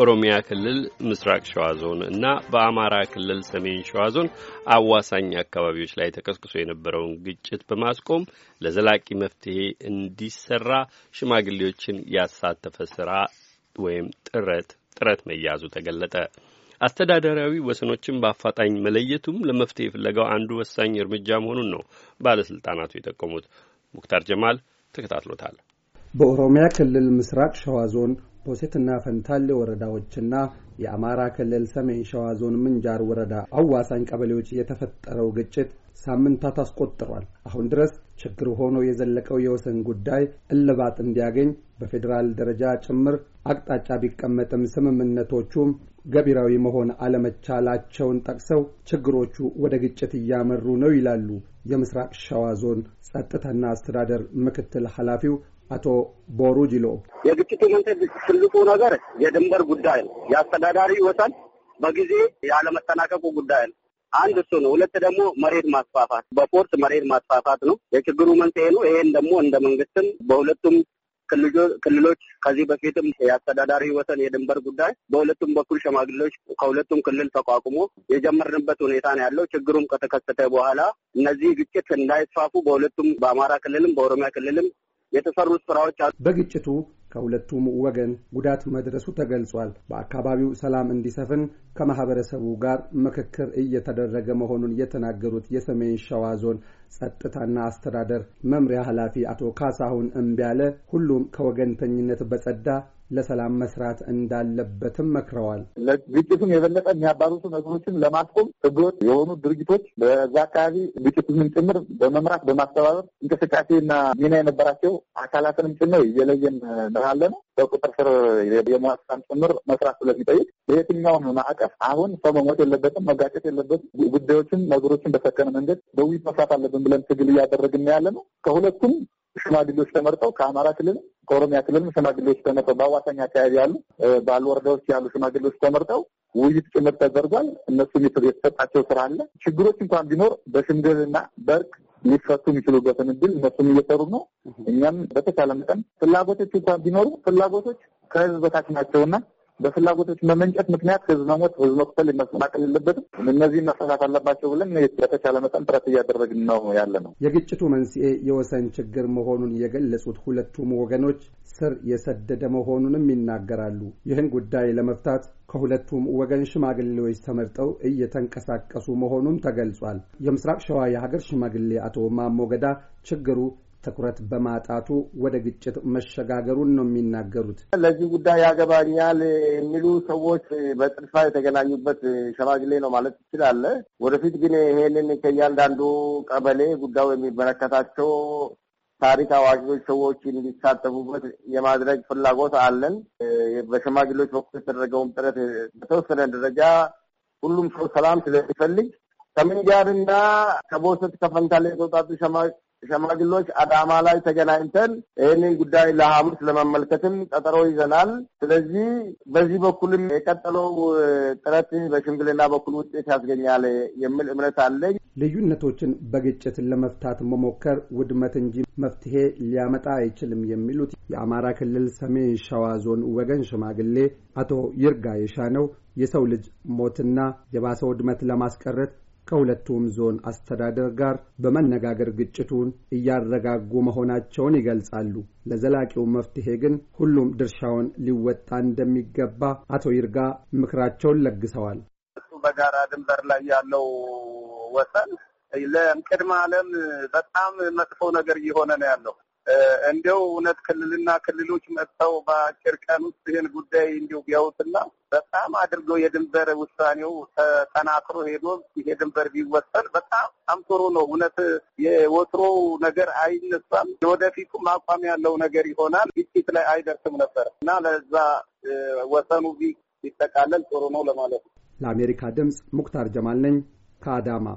በኦሮሚያ ክልል ምስራቅ ሸዋ ዞን እና በአማራ ክልል ሰሜን ሸዋ ዞን አዋሳኝ አካባቢዎች ላይ ተቀስቅሶ የነበረውን ግጭት በማስቆም ለዘላቂ መፍትሄ እንዲሰራ ሽማግሌዎችን ያሳተፈ ስራ ወይም ጥረት ጥረት መያዙ ተገለጠ። አስተዳደራዊ ወሰኖችን በአፋጣኝ መለየቱም ለመፍትሄ ፍለጋው አንዱ ወሳኝ እርምጃ መሆኑን ነው ባለስልጣናቱ የጠቆሙት። ሙክታር ጀማል ተከታትሎታል። በኦሮሚያ ክልል ምስራቅ ሸዋ ዞን ፖሴትና ፈንታሌ ወረዳዎችና የአማራ ክልል ሰሜን ሸዋ ዞን ምንጃር ወረዳ አዋሳኝ ቀበሌዎች የተፈጠረው ግጭት ሳምንታት አስቆጥሯል። አሁን ድረስ ችግር ሆኖ የዘለቀው የወሰን ጉዳይ እልባት እንዲያገኝ በፌዴራል ደረጃ ጭምር አቅጣጫ ቢቀመጥም ስምምነቶቹም ገቢራዊ መሆን አለመቻላቸውን ጠቅሰው ችግሮቹ ወደ ግጭት እያመሩ ነው ይላሉ የምስራቅ ሸዋ ዞን ጸጥታና አስተዳደር ምክትል ኃላፊው አቶ ቦሩ ጅሎ የግጭቱ መንስኤ ትልቁ ነገር የድንበር ጉዳይ ነው። የአስተዳዳሪ ወሰን በጊዜ ያለመጠናቀቁ ጉዳይ ነው። አንድ እሱ ነው። ሁለት ደግሞ መሬት ማስፋፋት፣ በፎርስ መሬት ማስፋፋት ነው የችግሩ መንስኤ ነው። ይሄን ደግሞ እንደ መንግስትም በሁለቱም ክልሎች ከዚህ በፊትም የአስተዳዳሪ ወሰን የድንበር ጉዳይ በሁለቱም በኩል ሸማግሌዎች ከሁለቱም ክልል ተቋቁሞ የጀመርንበት ሁኔታ ነው ያለው። ችግሩም ከተከሰተ በኋላ እነዚህ ግጭት እንዳይስፋፉ በሁለቱም በአማራ ክልልም በኦሮሚያ ክልልም የተሰሩ ስራዎች አሉ። በግጭቱ ከሁለቱም ወገን ጉዳት መድረሱ ተገልጿል። በአካባቢው ሰላም እንዲሰፍን ከማህበረሰቡ ጋር ምክክር እየተደረገ መሆኑን የተናገሩት የሰሜን ሸዋ ዞን ጸጥታና አስተዳደር መምሪያ ኃላፊ አቶ ካሳሁን እምቢያለ ሁሉም ከወገንተኝነት በጸዳ ለሰላም መስራት እንዳለበትም መክረዋል። ግጭቱን የበለጠ የሚያባብሱ ነገሮችን ለማስቆም ህገወጥ የሆኑ ድርጅቶች በዛ አካባቢ ግጭቱንም ጭምር በመምራት በማስተባበር እንቅስቃሴና ሚና የነበራቸው አካላትንም ጭምር እየለየን ያለ ነው። በቁጥር ስር የመዋሳን ጭምር መስራት ስለሚጠይቅ በየትኛውም ማዕቀፍ አሁን ሰው መሞት የለበትም፣ መጋጨት የለበትም። ጉዳዮችን ነገሮችን በሰከነ መንገድ በውይይት መስራት አለብን ብለን ትግል እያደረግን ያለ ነው። ከሁለቱም ሽማግሌዎች ተመርጠው ከአማራ ክልልም ከኦሮሚያ ክልልም ሽማግሌዎች ተመርጠው በአዋሳኝ አካባቢ ያሉ ባሉ ወረዳዎች ያሉ ሽማግሌዎች ተመርጠው ውይይት ጭምር ተደርጓል። እነሱም የተሰጣቸው ስራ አለ። ችግሮች እንኳን ቢኖር በሽምግልና በእርቅ ሊፈቱ የሚችሉበትን እድል እነሱም እየሰሩ ነው። እኛም በተቻለ መጠን ፍላጎቶች እንኳን ቢኖሩ ፍላጎቶች ከህዝብ በታች ናቸውና በፍላጎቶች መመንጨት ምክንያት ህዝብ መሞት፣ ህዝብ መቁሰል መፈናቀል የለበትም። እነዚህ መፈታት አለባቸው ብለን በተቻለ መጠን ጥረት እያደረግን ነው ያለ ነው። የግጭቱ መንስኤ የወሰን ችግር መሆኑን የገለጹት ሁለቱም ወገኖች ስር የሰደደ መሆኑንም ይናገራሉ። ይህን ጉዳይ ለመፍታት ከሁለቱም ወገን ሽማግሌዎች ተመርጠው እየተንቀሳቀሱ መሆኑም ተገልጿል። የምስራቅ ሸዋ የሀገር ሽማግሌ አቶ ማሞ ገዳ ችግሩ ትኩረት በማጣቱ ወደ ግጭት መሸጋገሩን ነው የሚናገሩት። ለዚህ ጉዳይ ያገባኛል የሚሉ ሰዎች በጥድፋ የተገናኙበት ሸማግሌ ነው ማለት ትችላለ። ወደፊት ግን ይሄንን ከእያንዳንዱ ቀበሌ ጉዳዩ የሚመለከታቸው ታሪክ አዋቂዎች ሰዎች እንዲሳተፉበት የማድረግ ፍላጎት አለን። በሸማግሌዎች በኩል የተደረገውን ጥረት በተወሰነ ደረጃ ሁሉም ሰው ሰላም ስለሚፈልግ ከምንጃርና ከቦሰት ከፈንታሌ ሸማ ሸማግሎች አዳማ ላይ ተገናኝተን ይህንን ጉዳይ ለሐሙስ ለመመልከትም ቀጠሮ ይዘናል። ስለዚህ በዚህ በኩልም የቀጠለው ጥረት በሽምግልና በኩል ውጤት ያስገኛል የሚል እምነት አለኝ። ልዩነቶችን በግጭትን ለመፍታት መሞከር ውድመት እንጂ መፍትሄ ሊያመጣ አይችልም የሚሉት የአማራ ክልል ሰሜን ሸዋ ዞን ወገን ሽማግሌ አቶ ይርጋ የሻነው የሰው ልጅ ሞትና የባሰ ውድመት ለማስቀረት ከሁለቱም ዞን አስተዳደር ጋር በመነጋገር ግጭቱን እያረጋጉ መሆናቸውን ይገልጻሉ። ለዘላቂው መፍትሄ ግን ሁሉም ድርሻውን ሊወጣ እንደሚገባ አቶ ይርጋ ምክራቸውን ለግሰዋል። በጋራ ድንበር ላይ ያለው ወሰን ለቅድመ ዓለም በጣም መጥፎ ነገር እየሆነ ነው ያለው እንዲው እውነት ክልልና ክልሎች መጥተው በአጭር ቀን ውስጥ ይህን ጉዳይ እንዲሁ ቢያውትና በጣም አድርገው የድንበር ውሳኔው ተጠናክሮ ሄዶ ይሄ ድንበር ቢወሰን በጣም ጥሩ ነው። እውነት የወትሮ ነገር አይነሳም። የወደፊቱ አቋም ያለው ነገር ይሆናል። ግጭት ላይ አይደርስም ነበር እና ለዛ ወሰኑ ቢጠቃለል ጥሩ ነው ለማለት ነው። ለአሜሪካ ድምፅ ሙክታር ጀማል ነኝ ከአዳማ።